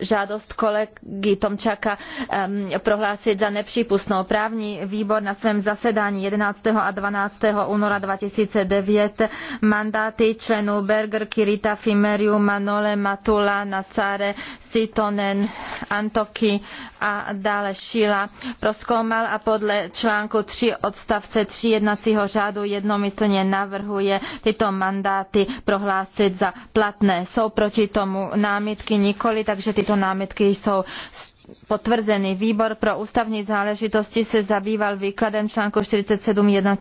žádost kolegy Tomčaka um, prohlásit za nepřípustnou. Právní výbor na svém zasedání 11. a 12. února 2009 mandáty členů Berger, Kirita, Fimeriu, Manole, Matula, Nacare, Sitonen, Antoky a dále Šila proskoumal a podle článku 3 odstavce 3 jednacího řádu jednomyslně navrhuje tyto mandáty prohlásit za platné. Jsou proti tomu námitky nikoli, takže tyto námitky jsou potvrzeny. Výbor pro ústavní záležitosti se zabýval výkladem článku 47 jednacího